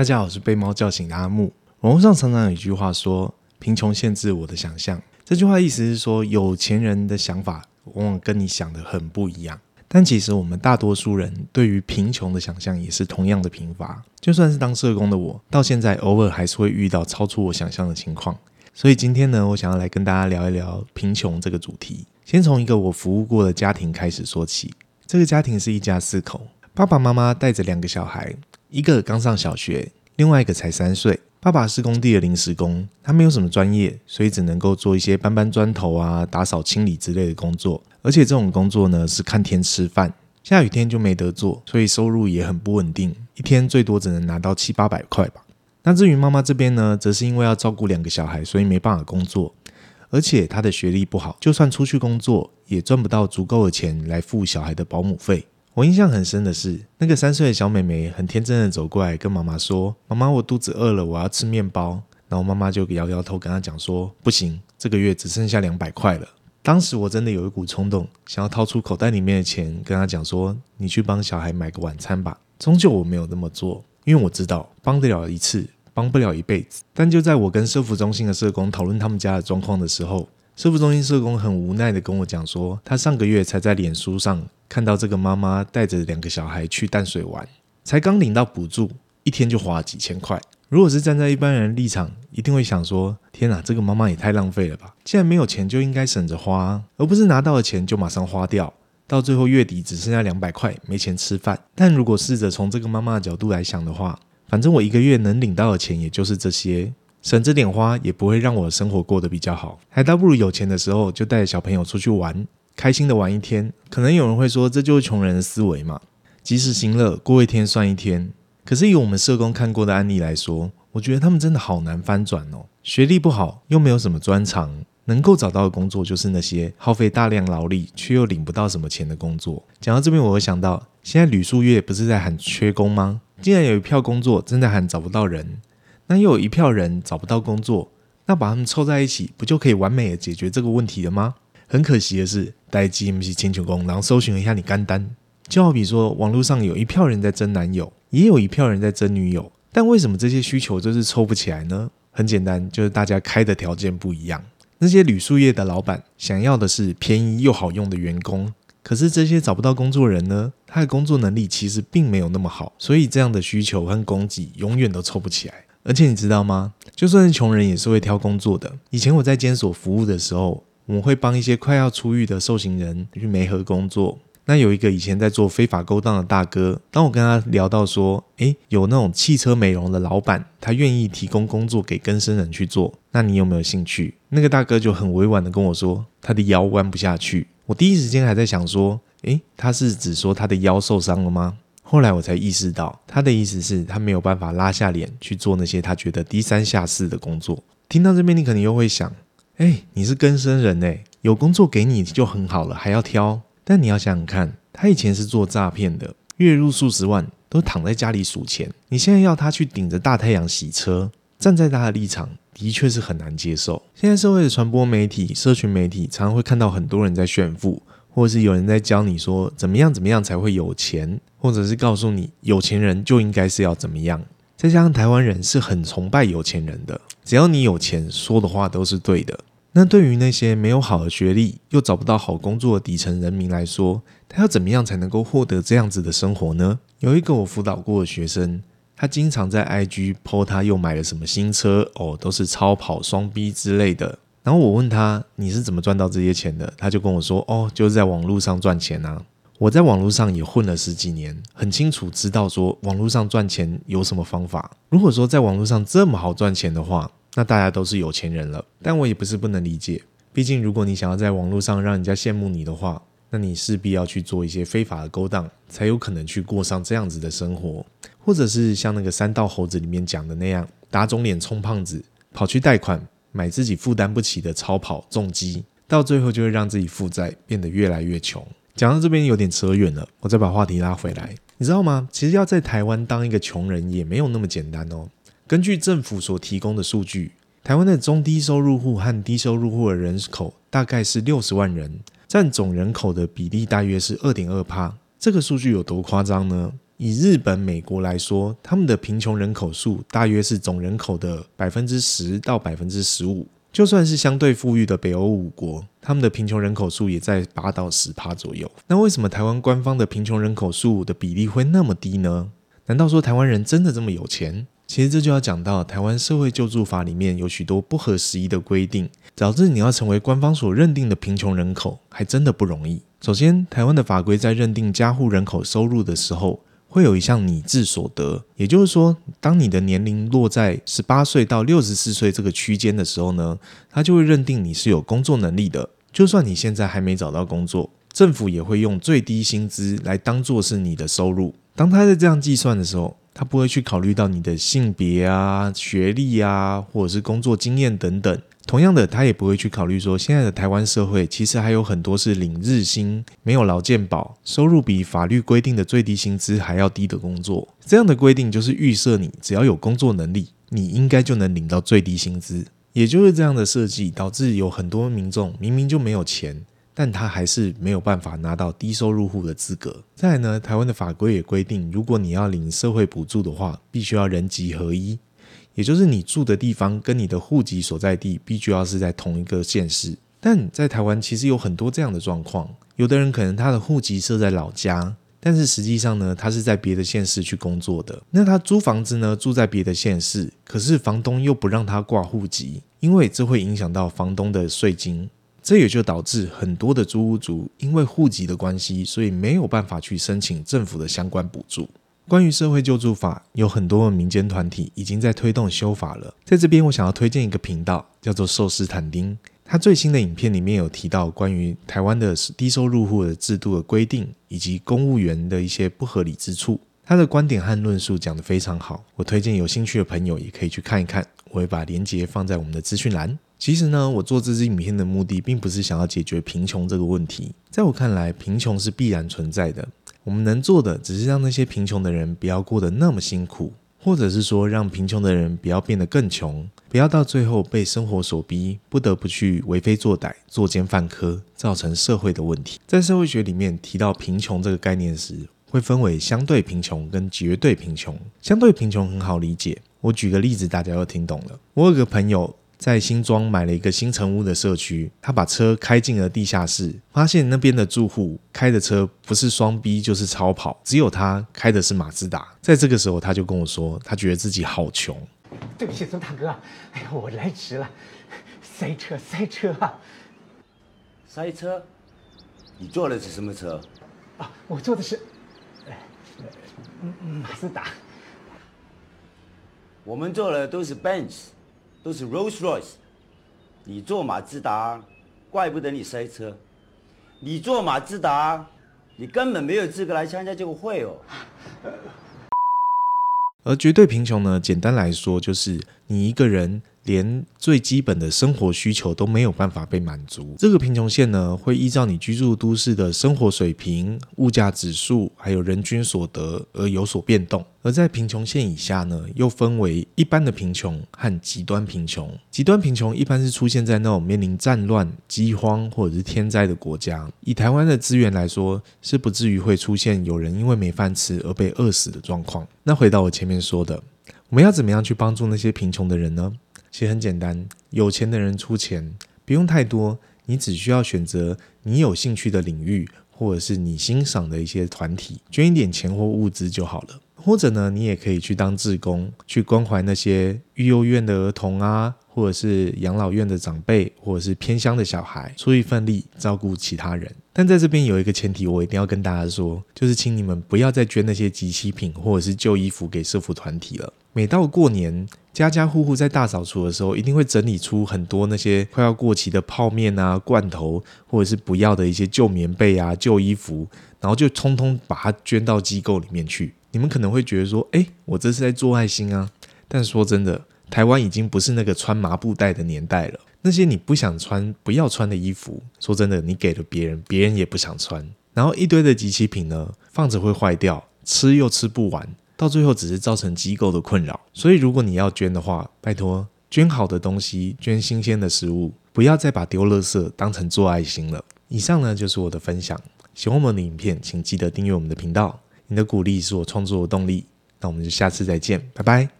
大家好，我是被貓叫醒的阿木。網絡上常常有一句話說：“貧窮限制我的想象。”這句話意思是說，有錢人的想法往往跟你想的很不一樣。但其實我們大多數人對於貧窮的想象也是同樣的貧乏。就算是當社工的我，到現在偶爾還是會遇到超出我想象的情況。所以今天呢，我想要來跟大家聊一聊貧窮這個主題。先從一個我服務過的家庭開始說起。這個家庭是一家四口，爸爸媽媽帶着兩個小孩。一個剛上小學，另外一個才三歲。爸爸是工地的臨時工，他沒有什麼專業，所以只能夠做一些搬搬磚頭啊、打掃清理之類的工作。而且這種工作呢，是看天吃飯，下雨天就沒得做，所以收入也很不穩定，一天最多只能拿到七八百塊吧。那至於媽媽這邊呢，則是因為要照顧兩個小孩，所以沒辦法工作，而且她的學歷不好，就算出去工作，也賺不到足夠的錢來付小孩的保姆費。我印象很深的是，那個三歲的小妹妹很天真的走過來，跟媽媽說：“媽媽，我肚子餓了，我要吃麵包。”然後媽媽就搖搖頭，跟她講說：“不行，這個月只剩下兩百塊了。”當時我真的有一股衝動，想要掏出口袋裡面的錢，跟她講說：“你去幫小孩買個晚餐吧。”終究我沒有那麼做，因為我知道幫得了一次，幫不了一輩子。但就在我跟社福中心的社工討論他們家的狀況的時候，社福中心社工很無奈的跟我講說，他上個月才在臉書上，看到這個媽媽帶着兩個小孩去淡水玩，才剛領到補助，一天就花了幾千塊。如果是站在一般人立場，一定會想說：天哪，這個媽媽也太浪費了吧！既然沒有錢，就應該省着花，而不是拿到的錢就馬上花掉，到最後月底只剩下兩百塊，沒錢吃飯。但如果試着從這個媽媽的角度來想的話，反正我一個月能領到的錢也就是這些，省着點花也不會讓我的生活過得比較好，還倒不如有錢的時候就帶小朋友出去玩。開心的玩一天，可能有人會說，這就是窮人的思維嘛，及時行樂，過一天算一天。可是以我們社工看過的案例來說，我覺得他們真的好難翻轉哦。學歷不好，又沒有什麼專長，能夠找到的工作就是那些耗費大量勞力卻又領不到什麼錢的工作。講到這邊，我會想到現在旅宿業不是在喊缺工嗎？竟然有一票工作真的喊找不到人，那又有一票人找不到工作，那把他們湊在一起，不就可以完美的解決這個問題了嗎？很可惜的是。代 GMC 清潔工，然後搜尋了一下你肝膽就好比說，網絡上有一票人在爭男友，也有一票人在爭女友，但為什麼這些需求就是湊不起來呢？很簡單，就是大家開的條件不一樣。那些旅宿業的老闆想要的是便宜又好用的員工，可是這些找不到工作的人呢，他的工作能力其實並沒有那麼好，所以這樣的需求和供給永遠都湊不起來。而且你知道嗎？就算是窮人也是會挑工作的。以前我在監所服務的時候。我們會幫一些快要出獄的受刑人去媒合工作。那有一個以前在做非法勾當的大哥，當我跟他聊到說，誒、欸，有那種汽車美容的老闆，他願意提供工作給更生人去做，那你有沒有興趣？那個大哥就很委婉的跟我說，他的腰彎不下去。我第一時間還在想說，誒、欸，他是指說他的腰受傷了嗎？後來我才意識到，他的意思是，他沒有辦法拉下臉去做那些他覺得低三下四的工作。聽到這邊，你可能又會想。哎、欸，你是更生人嘞、欸，有工作給你就很好了，還要挑。但你要想想看，他以前是做詐騙的，月入數十萬，都躺在家裡數錢。你現在要他去頂着大太陽洗車，站在他的立場，的確是很難接受。現在社會的傳播媒體、社群媒體，常常會看到很多人在炫富，或者是有人在教你說怎麼樣、怎麼樣才會有錢，或者是告訴你有錢人就應該是要怎麼樣。再加上台灣人是很崇拜有錢人的，只要你有錢，說的話都是對的。那對於那些沒有好的學歷又找不到好工作的底層人民來說，他要怎麼樣才能夠獲得這樣子的生活呢？有一個我輔導過的學生，他經常在 IG po，他又買了什麼新車哦，都是超跑、雙 B 之類的。然後我問他：“你是怎麼賺到這些錢的？”他就跟我說：“哦，就是在網絡上賺錢啊。”我在網絡上也混了十幾年，很清楚知道說網絡上賺錢有什麼方法。如果說在網絡上這麼好賺錢的話，那大家都是有錢人了，但我也不是不能理解。畢竟，如果你想要在網絡上讓人家羨慕你的話，那你勢必要去做一些非法的勾當，才有可能去過上這樣子的生活。或者是像那個三道猴子裡面講的那樣，打腫臉充胖子，跑去貸款買自己負擔不起的超跑、重機，到最後就會讓自己負債變得越來越窮。講到這邊有點扯遠了，我再把話題拉回來。你知道嗎？其實要在台灣當一個窮人也沒有那麼簡單哦、喔。根據政府所提供的數據，台灣的中低收入戶和低收入戶的人口大概是六十萬人，佔總人口的比例大約是二點二趴。這個數據有多誇張呢？以日本、美國來說，他們的貧窮人口數大約是總人口的百分之十到百分之十五。就算是相對富裕的北歐五國，他們的貧窮人口數也在八到十趴左右。那為什麼台灣官方的貧窮人口數的比例會那麼低呢？難道說台灣人真的這麼有錢？其實這就要講到台灣社會救助法裡面有許多不合時宜的規定，導致你要成為官方所認定的貧窮人口，還真的不容易。首先，台灣的法規在認定家戶人口收入的時候，會有一項擬制所得，也就是說，當你的年齡落在十八歲到六十四歲這個區間的時候呢，他就會認定你是有工作能力的，就算你現在還沒找到工作，政府也會用最低薪資來當做是你的收入。當他在這樣計算的時候。他不會去考慮到你的性別啊、學歷啊，或者是工作經驗等等。同樣的，他也不會去考慮說，現在的台灣社會其實還有很多是領日薪、沒有勞健保、收入比法律規定的最低薪資還要低的工作。這樣的規定就是預設你只要有工作能力，你應該就能領到最低薪資。也就是這樣的設計，導致有很多民眾明明就沒有錢。但他還是沒有辦法拿到低收入戶的資格。再來呢，台灣的法規也規定，如果你要領社會補助的話，必須要人籍合一，也就是你住的地方跟你的戶籍所在地必須要是在同一個縣市。但在台灣其實有很多這樣的狀況，有的人可能他的戶籍設在老家，但是實際上呢，他是在別的縣市去工作的。那他租房子呢，住在別的縣市，可是房東又不讓他掛戶籍，因為這會影響到房東的稅金。這也就導致很多的租屋族因為戶籍的關係，所以沒有辦法去申請政府的相關補助。關於社會救助法，有很多的民間團體已經在推動修法了。在這邊，我想要推薦一個頻道，叫做“壽司坦丁”。他最新的影片裡面有提到關於台灣的低收入戶的制度的規定，以及公務員的一些不合理之處。他的觀點和論述講得非常好，我推薦有興趣的朋友也可以去看一看。我會把鏈接放在我們的資訊欄。其實呢，我做這支影片的目的，並不是想要解決貧窮這個問題。在我看來，貧窮是必然存在的。我們能做的，只是讓那些貧窮的人不要過得那麼辛苦，或者是說，讓貧窮的人不要變得更窮，不要到最後被生活所逼，不得不去為非作歹、作奸犯科，造成社會的問題。在社會學裡面提到貧窮這個概念時，會分為相對貧窮跟絕對貧窮。相對貧窮很好理解，我舉個例子，大家要聽懂了。我有個朋友。在新莊買了一個新城屋的社區，他把車開進了地下室，發現那邊的住戶開的車不是雙 B 就是超跑，只有他開的是馬自達。在這個時候，他就跟我說，他覺得自己好窮。對不起，周大哥，哎呀，我來遲了，塞車，塞車啊！塞車，你坐的是什麼車？啊，我坐的是，呃，馬自達。我們坐的都是 Benz。都是 Rolls-Royce，你坐馬自達，怪不得你塞車。你坐馬自達，你根本沒有資格來參加這個會哦。 而絕對貧窮呢，簡單來說，就是你一個人，連最基本的生活需求都沒有辦法被滿足，這個貧窮線呢，會依照你居住都市的生活水平、物價指數，還有人均所得而有所變動。而在貧窮線以下呢，又分為一般的貧窮和極端貧窮。極端貧窮一般是出現在那種面臨戰亂、饑荒或者是天災的國家。以台灣的資源來說，是不至於會出現有人因為沒飯吃而被餓死的狀況。那回到我前面說的，我們要怎麼樣去幫助那些貧窮的人呢？其實很簡單，有錢的人出錢，不用太多，你只需要選擇你有興趣的領域，或者是你欣賞的一些團體，捐一點錢或物資就好了。或者呢，你也可以去當志工，去關懷那些育幼院的兒童啊，或者是養老院的長輩，或者是偏鄉的小孩，出一份力照顧其他人。但在這邊有一個前提，我一定要跟大家說，就是請你們不要再捐那些即期品或者是舊衣服給社福團體了。每到過年，家家戶戶在大掃除的時候，一定會整理出很多那些快要過期的泡面啊、罐頭，或者是不要的一些舊棉被啊、舊衣服，然後就通通把它捐到機構裡面去。你們可能會覺得說，哎、欸，我這是在做愛心啊。但說真的，台灣已經不是那個穿麻布袋的年代了。那些你不想穿、不要穿的衣服，說真的，你給了別人，別人也不想穿。然後一堆的即期品呢，放着會壞掉，吃又吃不完。到最後只是造成機構的困擾，所以如果你要捐的話，拜託捐好的東西，捐新鮮的食物，不要再把丟垃圾當成做愛心了。以上呢就是我的分享，喜歡我們的影片，請記得訂閱我們的頻道，你的鼓勵是我創作的動力。那我們就下次再見，拜拜。